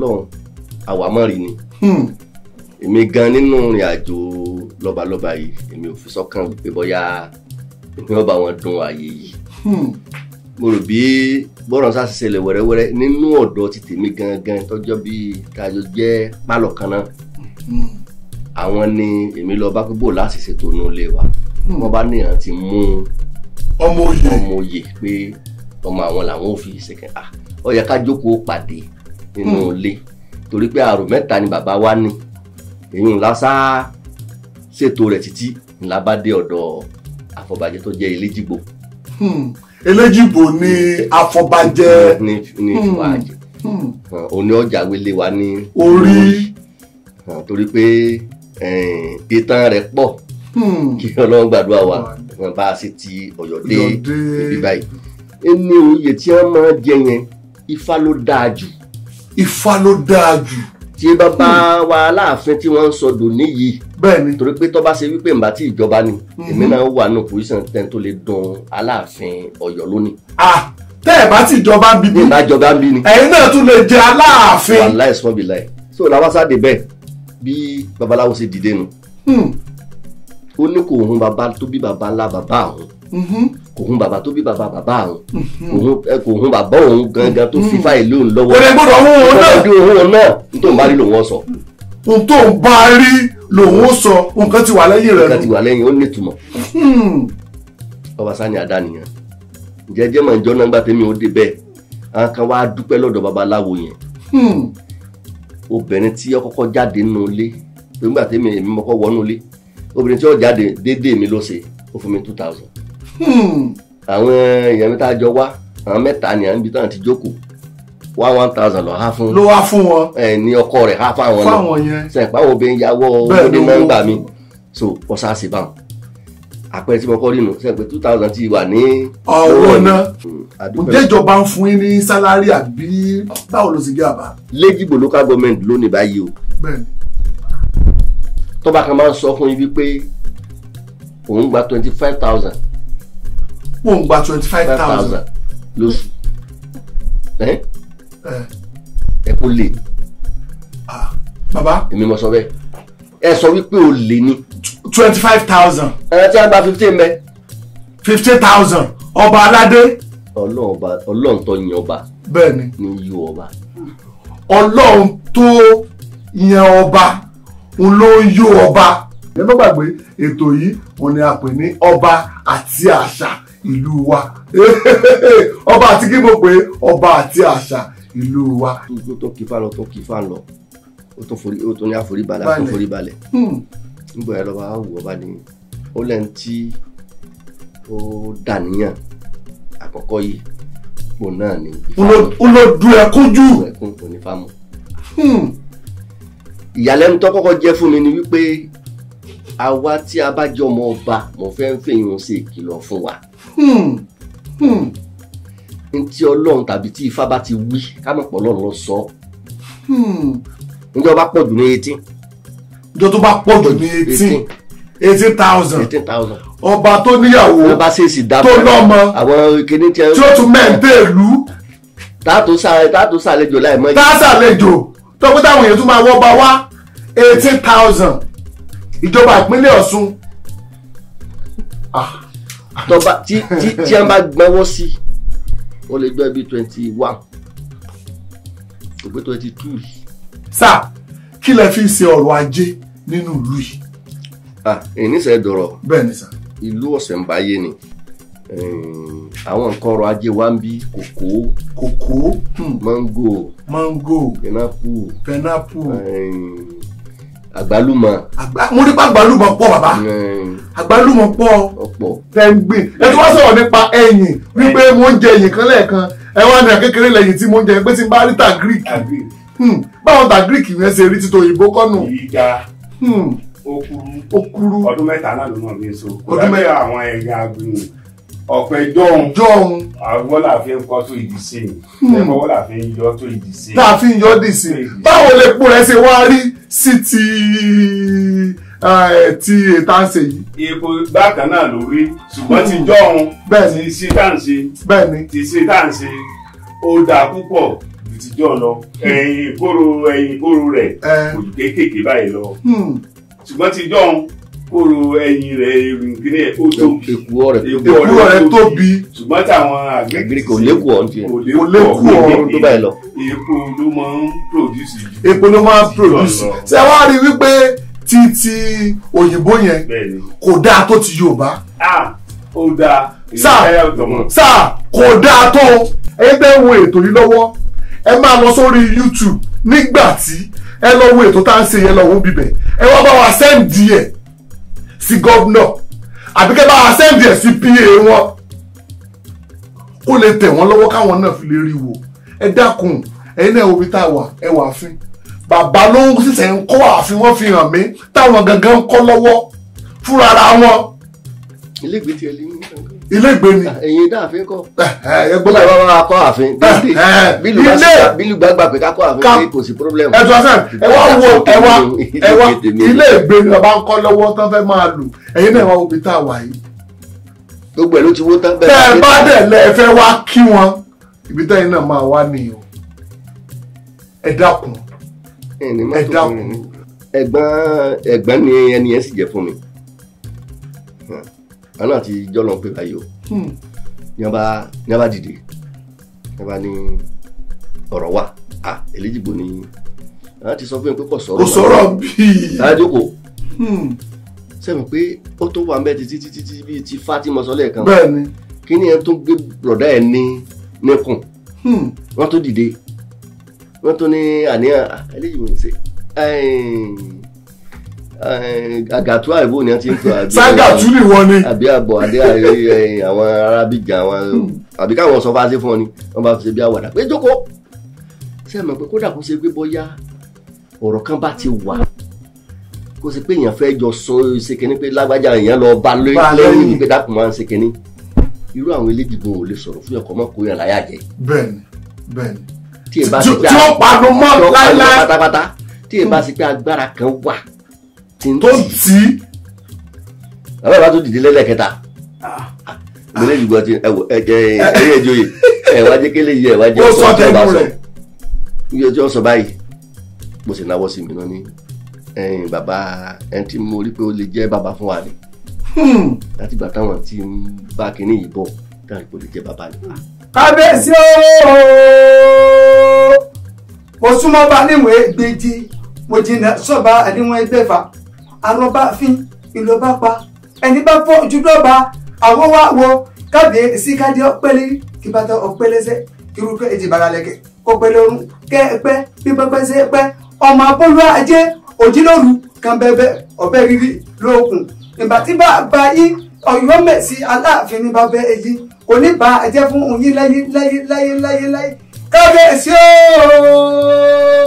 ọlọ́run àwámọ̀rì ni hmm. èmi gan nínú ìrìn àjò lọ́balọ́ba yìí èmi ò fi sọ́kàn pé bóyá èmi ọba wọn dùn ààyè yìí hmm. mo rò bí bọ́rọ̀ sá ṣẹlẹ̀ wẹ́rẹ́wẹ́rẹ́ nínú ọ̀dọ́ ti tèmi gangan tọ́jọ́ bíi tàjọ jẹ́ pálọ̀ kan náà hmm. àwọn ni èmi lọ bá gbogbo láti ṣètò inú ilé wa wọ́n bá nìyàn ti mú ọmọ òye pé ọmọ àwọn làwọn ò fi ṣèkẹ́ ah, ó yẹ ká jókòó pàdé nínú hmm. ilé torí pé àrò mẹ́ta ni bàbá wa ní èyí ńlá sáá ṣètò rẹ̀ títí ńlá bá dé ọ̀dọ̀ àfọ̀bàjẹ́ tó jẹ́ eléjìgbò. Hmm. eléjìgbò ni àfọ̀bàjẹ́ ní ìfọ̀àjẹ́ òní ọjà wele wa ní orí torí pé eh, ìtàn rẹ̀ pọ̀ hmm. kí ọlọ́run gbàdúrà wa bá a sì ti ọ̀yọ́ dé ibi báyìí. ẹni òye tí wọ́n máa jẹ yẹn ifá ló dáa jù ifá ló dáa jù. tí bàbá wa aláàfin tí wọ́n ń sọ dòní yìí. bẹ́ẹ̀ni. torí pé tọ́ba ṣe wípé nbà tí ìjọba ni mhm. èmi náà wà ní pòsíṣàn tẹ́ tó lè dun aláàfin ọ̀yọ́ lónìí. a tẹ́ ẹ̀ bá ti jọba ń bí bí. ìbá jọba ń bí ni. ẹ̀yin náà tún lè jẹ aláàfin. wàláhì sọ bí láì so làwọn sáà dé bẹ́ẹ̀ bí babaláwo ṣe dìde nu. Hmm. ó ní kò hun bàbá tó bí bàbá bàbá àwọn Mm-hmm. kò hun bàbá tó bí bàbá bàbá mm-hmm. òun kò hun bàbá òun gangan tó fi mm-hmm. fáìlì òun lọ́wọ́ kò lè gbọ́dọ̀ hun òun náà kò lè hun òun náà n tó ń bá rí lòun sọ. n tó ń bá rí lòun sọ nǹkan ti wà lẹ́yìn rẹ̀ nǹkan ti wà lẹ́yìn ó ní ìtumọ̀ hmm. ọba sani ada nìyẹn jẹjẹ mọ ìjọ náà gbà tẹmí ó dé bẹ́ẹ̀ àwọn kan wàá dúpẹ́ lọ́dọ̀ babaláwo yẹn hmm. obìnrin tí ó kọ́kọ́ jáde nínú ilé nígbà tẹmí èmi mọkọ wọnú ilé obìnrin tí ó jáde déédéé mi ló ṣe ó fún mi two thousand Hmm. àwọn èèyàn mi tá a jọ wá àwọn mẹ́ta ni à ń bi tán ti jókòó wá one thousand lọ há fún. ló wá fún wọn. ẹ ní ọkọ rẹ há fáwọn náà fáwọn yẹn. sẹ báwo bẹ ń yàwọ ọmọdé máa ń So mí so ọsà sí báwọn àpẹẹrẹ tí mo kọ́ nínú sẹ́gbẹ́ two thousand ti wà ní. ọ̀rọ̀ náà ǹjẹ́ ìjọba ń fún yín ní sálárì àbí báwo ló sì gé àbá. lẹ́jìgbò local government lónìí báyìí o. bẹ́ẹ̀ni. tọ́ba kan máa ń sọ fún yín wípé òun gba twenty five thousand pò ń gba twenty five thousand lóṣù ẹ kó lè. baba èmi mo sọ bẹ́ẹ̀ ẹ sọ wípé o lè ní. twenty five thousand. ẹ tí a gba fifteen bẹ. fifteen thousand ọba aládé. ọlọ́run ọba ọlọ́run tó yan ọba. bẹ́ẹ̀ni ni yí ọba. ọlọ́run tó yan ọba òun ló ń yó ọba. ẹ má gbàgbé ètò yìí òun ni a pè ní ọba àti àṣà ìlú wa ọba àti kí mo pè é ọba àti àṣà ìlú wa. tó tó kí fáwọn tó kí fáwọn lọ ó tó forí ó tó ní àforíbalẹ̀ àforíbalẹ̀ hmm. nígbà yẹn lọ́ba wù ọba ni ó lẹ́yìn tí ó dàníyàn àkọ́kọ́ yìí pò náà ní. ó lọ du ẹkún jù. ẹkún kò ní fámù. Hmm. ìyàlẹ́nu tó kọ́kọ́ jẹ́ fún mi ni wípé àwa tí a bá jẹ́ ọmọ ọba mo fẹ́ ń fèyàn sí ìkìlọ̀ fún wa. Hmm, hmm. n tí ọlọ́run tàbí tí ifá bá ti wí ká mọ̀ pọ̀ lọ́run lọ sọ. Hmm. njọ́ bá pọ̀ jù ní eighteen. njọ́ tó bá pọ̀ jù ní eighteen eighteen thousand. eighteen thousand. ọba tó níyàwó tó lọ́mọ tí ó tún mẹ́ǹtẹ́ẹ̀lú. tààtò sàlejò láì mọ́ yìí. tààtò sàlejò tọ́pẹ́ èèyàn tún máa wọ́ ọba wá eighteen thousand ìjọba ìpínlẹ̀ Ọ̀ṣun tọba ah. tí tí tí a bá gbọ́wọ́ sí ó lè gbọ́ bí twenty one kò pé twenty two yìí. sá kí lẹ fi ṣe ọrọ̀ ajé nínú ìlú yìí. ìníṣẹ́ ah, dọ̀rọ̀ bẹ́ẹ̀ ni sá. ìlú ọ̀sẹ̀ǹbáyé ni àwọn nǹkan ọrọ̀ ajé wa ń bí kòkó. kòkó. mango. Hmm. mango. pẹnápù. pẹnápù àgbálùmọ̀. mo nípa àgbálùmọ̀ pọ̀ bàbá àgbálùmọ̀ pọ̀ tẹ́ǹgbìn ẹ tí wọ́n sọ̀rọ̀ nípa ẹ̀yìn wípé mo ń jẹ ẹ̀yìn kan lẹ́ẹ̀kan ẹ wá ní àkékeré lẹ́yìn tí mo ń jẹ pé tí n bá rí ta greek hmm. báwọn ta greek yẹn ṣe rí títò òyìnbó kọ́nù. ìyíga okuru hmm. okuru ọdún mẹ́ta náà ló mọ̀ mí so kò dábẹ́ àwọn ẹ̀yà agbóhùn ọ̀pẹ jọ̀hún jọ̀hún àwọn la fi ń kọ́ tó ìdìsẹ́ hmm. ẹ̀fọ́ la fi ń yọ tó ìdìsẹ́. tá a fi ń yọ I báwo lè po rẹ̀ ṣe wá rí sí ti ti ìtànṣe yìí. epo bákan náà ló rí ṣùgbọ́n ti jọ̀hún hmm. bẹ́ẹ̀ni ti ṣe tàǹṣe bẹ́ẹ̀ni ti ṣe tàǹṣe ó dáa púpọ̀ ti jọ lọ ẹ̀yìn ìkóró ẹ̀yìn ìkóró rẹ̀ kò kéékèèké báyìí lọ hmm. ṣùgbọ́n ti jọ̀hún kóró ẹyin rẹ̀ ìrìngìrì ẹ̀ ó tóbi èkú ọ̀rẹ́ èkú ọ̀rẹ́ tóbi ṣùgbọ́n táwọn àgbẹ̀gbẹ̀ kò lékù kò lékù ọ̀run tó báyìí lọ. epo ló máa ń produce epo ló máa ń produce ṣé wàá rí i wípé ti ti òyìnbó yẹn kò dáa tó ti Yorùbá. ó dáa sáà kò dáa tó ẹgbẹ́ wo ètò yìí lọ́wọ́ ẹ máa lọ sórí YouTube nígbà tí ẹ lọ wo ètò tá à ń ṣe yẹn lọ wo bíbẹ̀ ẹ wá bá wa sẹ́ǹdì ẹ̀ sí gọ́vnọ̀ àbí kẹ́ bá a sẹ́ǹdì ẹ̀ sí pa wọn ó lè tẹ̀ wọ́n lọ́wọ́ káwọn náà fi lè rí wo ẹ dákun ẹ̀yin náà omi tá a wà ẹ wà fín bàbá ló ń sísẹ̀ ń kọ́ ààfin wọ́n fi hàn mí táwọn gangan ń kọ́ lọ́wọ́ fúnra wọn. ilé ìgbé tiẹ̀ lè ń ilé ìgbé ni. ẹ̀yin dáàfin kọ́. ẹgbẹ́ bá wà wá kọ́ àfin. bílù bá sọ bílù bá gbà pé ká kọ́ àfin kò sí pírọ́blẹ̀mù. ẹ tún sàn ẹ wá wo ẹ wá ẹ wá ilé ìgbé ni bàbá ń kọ́ lọ́wọ́ tán fẹ́ máa lò ẹ̀yin náà wá wo ibi tá a wà yìí. gbogbo ẹ̀ ló ti wó tán bẹ́ẹ̀. bẹ́ẹ̀ bá dẹ̀ lẹ ẹ fẹ́ wá kí wọn ibi táyìn náà máa wá nìyẹn ẹ dákun ẹ dákun. ẹ̀gbọ́n ẹ̀gbọ́n ni ẹni yẹn sì jẹ́ fún mi àwọn náà ti jọ́nà pé báyìí o hmm. ní wọn bá dìde ní wọn bá ní ọ̀rọ̀ wà à èlédìgbò ni àwọn ti sọ fún mi pé kò sọ̀rọ̀ kò sọ̀rọ̀ bíi àjòkò sẹ́mi pé ó tó wà mẹ́ títí títí títí bíi ti Fatima sọ lẹ́ẹ̀kan bẹ́ẹ̀ni kí ni ẹ tó gbé bùrọ̀dá ẹ̀ ní nìkùn hmm. wọ́n tó dìde wọ́n tó ní àníyàn àlejò ṣe Eh, àgàtú àìbò ni wọ́n ti ń pè àbí ságàtú ni wọ́n ni àbí àbọ̀ àdé eh, eh, àwọn arábìgà àwọn àbí káwọn sọ fáṣẹ fún ọ ni wọ́n bá ṣe bí àwàdà pé jókòó ṣe mọ̀ pé kódà kó ṣe pé bóyá ọ̀rọ̀ kan bá ti wà kó ṣe pé èèyàn fẹ́ jọ sọ ṣe kínní pé lágbájá èèyàn lọ bá lóyún ìgbé dàpọ̀ máa ń ṣe kínní irú àwọn elédìbò ò lè sọ̀rọ̀ fún ọkọ̀ mọ́ kó yàn láyà jẹ. bẹ́ẹ̀ni bẹ́ẹ̀ni tí ó panu mọ́ láíláí tí ó bá ti pé agbára kan wà tó ń tì í. bàbá ìbá tó dìde lẹ́lẹ́kẹta gbẹlẹ́ ah. ìdìbò ti ẹ ẹ ẹ ẹ joyè ẹ wá jẹ́ kélé yìí ẹ wá jẹ́ ọ̀sán tó bá sọ iye tí wọ́n sọ báyìí mo sì náwó sí mi náà ní bàbá ẹni tí mo rí pé ó lè jẹ́ bàbá fún wa ni hmm. láti gbà táwọn tí ń bá kinní yìí bọ̀ táwọn ìpò lè jẹ́ bàbá ni. kábíyèsí ooo mo súnmọ́ bá níwèé gbèjì mo jìnnà sọ́ba àdéhùn ẹgbẹ́fà arọ́báfin ìlọ́ba pa ẹni bá fọ́ ojúdọ́ba àwọn wá wọ kábíyèsí kájẹ́ ọ̀pẹ́lẹ́ kí bàtà ọ̀pẹ́lẹ́sẹ̀ irúfẹ́ ìdìbàralẹ̀kẹ̀ ọ̀pẹ́lẹ́ ọ̀run kẹ́ ẹ̀pẹ́ pípẹ́pẹ́sẹ̀ ẹ̀pẹ́ ọmọ abọ́lú ajé òjìlóru kan bẹ́ẹ̀ ọ̀bẹ rírí lóòkùn ìgbà tí bá gba yí ọ̀yọ́ mẹ̀sí aláàfin ní bàbá èyí kò ní bá ajẹ́ fún òyìn láyé láyé láyé láyé láyé kábíyèsí ooo.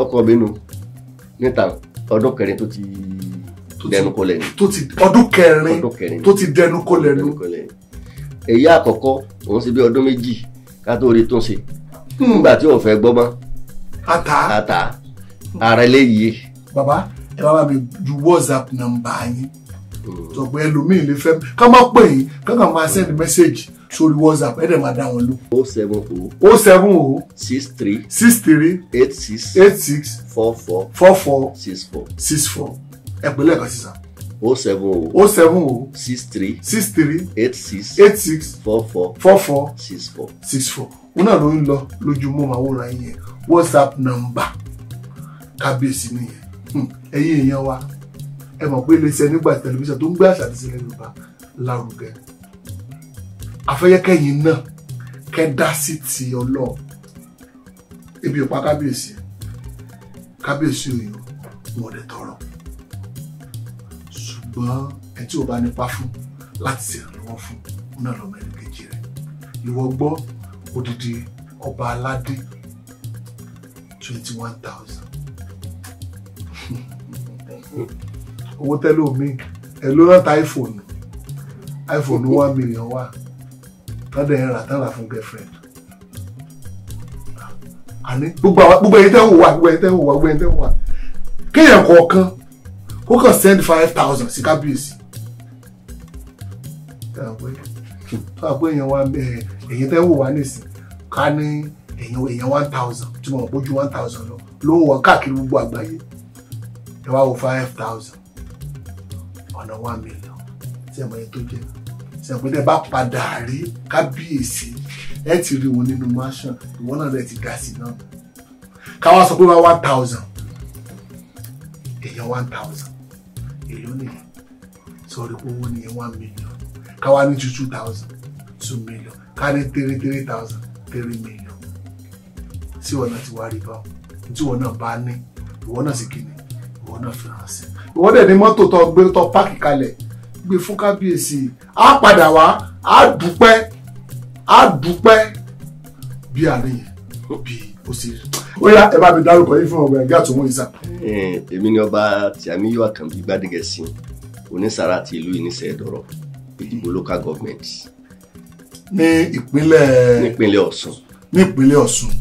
ọkọ mi nù níta ọdún kẹrin tó ti dẹnu kọlẹ̀ ni. tó ti ọdún kẹrin tó ti dẹnu kọlẹ̀ ni. èyí àkọ́kọ́ òun ṣe bí ọdún méjì ká tó rí tún ṣe hmm. nígbà tí òun fẹ́ gbọ́ mọ́. ata ata ara eléyìí. baba ẹ bá mi ju whatsapp nọ́mbà yín tọ̀pẹ́ hmm. ẹlòmíì lè fẹ́ ká má pè yín ká kàn máa send message sórí whatsapp ẹ̀ẹ́dẹ̀ máa dá wọn lò. o seven o. o seven o. six three. six three. eight six. eight six. four four. four four. six four. six four. ẹ pè lẹ́ẹ̀kan sísan. o seven o. o seven o. six three. six three. eight six. eight six. four four. four four. six four. six four. wọn náà ló ń lọ lójúmọ́ màá wòran yẹn whatsapp number kábíyèsí nìyẹn hmm. ẹ̀yin èèyàn wa ẹ mọ̀ pé iléeṣẹ́ nígbà tẹlifíṣàn tó ń gbé àṣà àti ìṣẹ̀lẹ̀ yorùbá lárugẹ afẹ́yẹ́kẹ́yìn náà kẹ́ dá sí ti ọlọ́run ebi ò pa kábíyèsí kábíyèsí òyìn wọn ọ̀dẹ̀ tọrọ ṣùgbọ́n ẹ tí ò bá nípa fún láti ṣèrànlọ́wọ́ fún un náà lọ́mọ ẹni kejì rẹ̀ ìwọ gbọ́ odidi ọba aládé twenty one thousand owó tẹ́lẹ̀ omi ẹ̀ ló rántá iPhone iPhone one million wa tọ́dẹ̀ ẹ̀ rà tára fún girlfriend. àní gbogbo ẹ̀yin tẹ́ ń wà gbogbo ẹ̀yin tẹ́ ń wà gbogbo ẹ̀yin tẹ́ ń wà kéèyàn kọ̀ọ̀kan kó kàn send five thousand sí kábíyèsí. tó àpò èèyàn wa ẹ̀yin eh, tẹ́ ń wò wá nísìn ká ní èèyàn one thousand tí mo mọ̀ pójú one thousand lọ ló ń wọ káàkiri gbogbo àgbáyé ẹ wá wo five thousand ọ̀nà one million tí ẹ̀ mọ̀ yẹn tó jẹ́ ṣàpèjẹ bá padà rí kábíyèsí ẹ ti rí wọn nínú mansion ìwọ náà rẹ ti dá sí náà káwá sọ pé wá one thousand èèyàn one thousand èèyàn nìyẹn sọrí owó nìyẹn one million káwá ní two two thousand two million ká ní three three thousand three million tí wọn náà ti wá rí báwọn tí wọn náà bá ní ìwọ náà sì kí ni ìwọ náà fi hàn sí ìwọ dẹ̀ ní mọ́tò tó gbé tó páàkì kalẹ̀ gbé fún kábíyèsí á padà wá á dúpẹ́ á dúpẹ́ bí àárín yẹn bí ó sì rí. ó yá ẹ bá mi dárúkọ yìí fún ọgbà ẹgbẹ́ àtúnwó ìsà. èmi ni ọba Tìámíyù Àkànbí Gbádégẹ̀sí onísàrà ti ìlú Ìníṣẹ́ Ẹ̀dọ̀rọ̀ Èdìgbò local government. ní ìpínlẹ̀. nípínlẹ̀ Ọ̀ṣun. nípínlẹ̀ Ọ̀ṣun.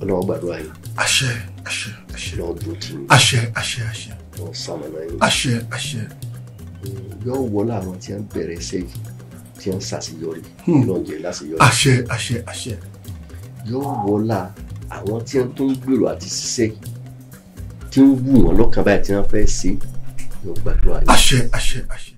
ọlọ́wọ́ gbàdúrà yìí. àṣẹ àṣẹ àṣẹ. lọ́ọ́ dúró tì mí. àṣẹ àṣẹ àṣẹ. lọ́ọ́ sàmọ̀nà yìí. àṣẹ àṣẹ yóò wọ́ làwọn tí ń bẹ̀rẹ̀ iṣẹ́ yìí tí ń ṣàṣeyọrí ìlọ́jẹ̀ hmm. láṣeyọrí. àṣẹ àṣẹ àṣẹ. yóò wọ́ la àwọn tí ń tó ń gbèrò àti ṣiṣẹ́ tí ń wù wọ́n lọ́kàn báyìí tí wọ́n fẹ́ ṣe yóò gbàdúrà yìí. àṣẹ àṣẹ àṣẹ.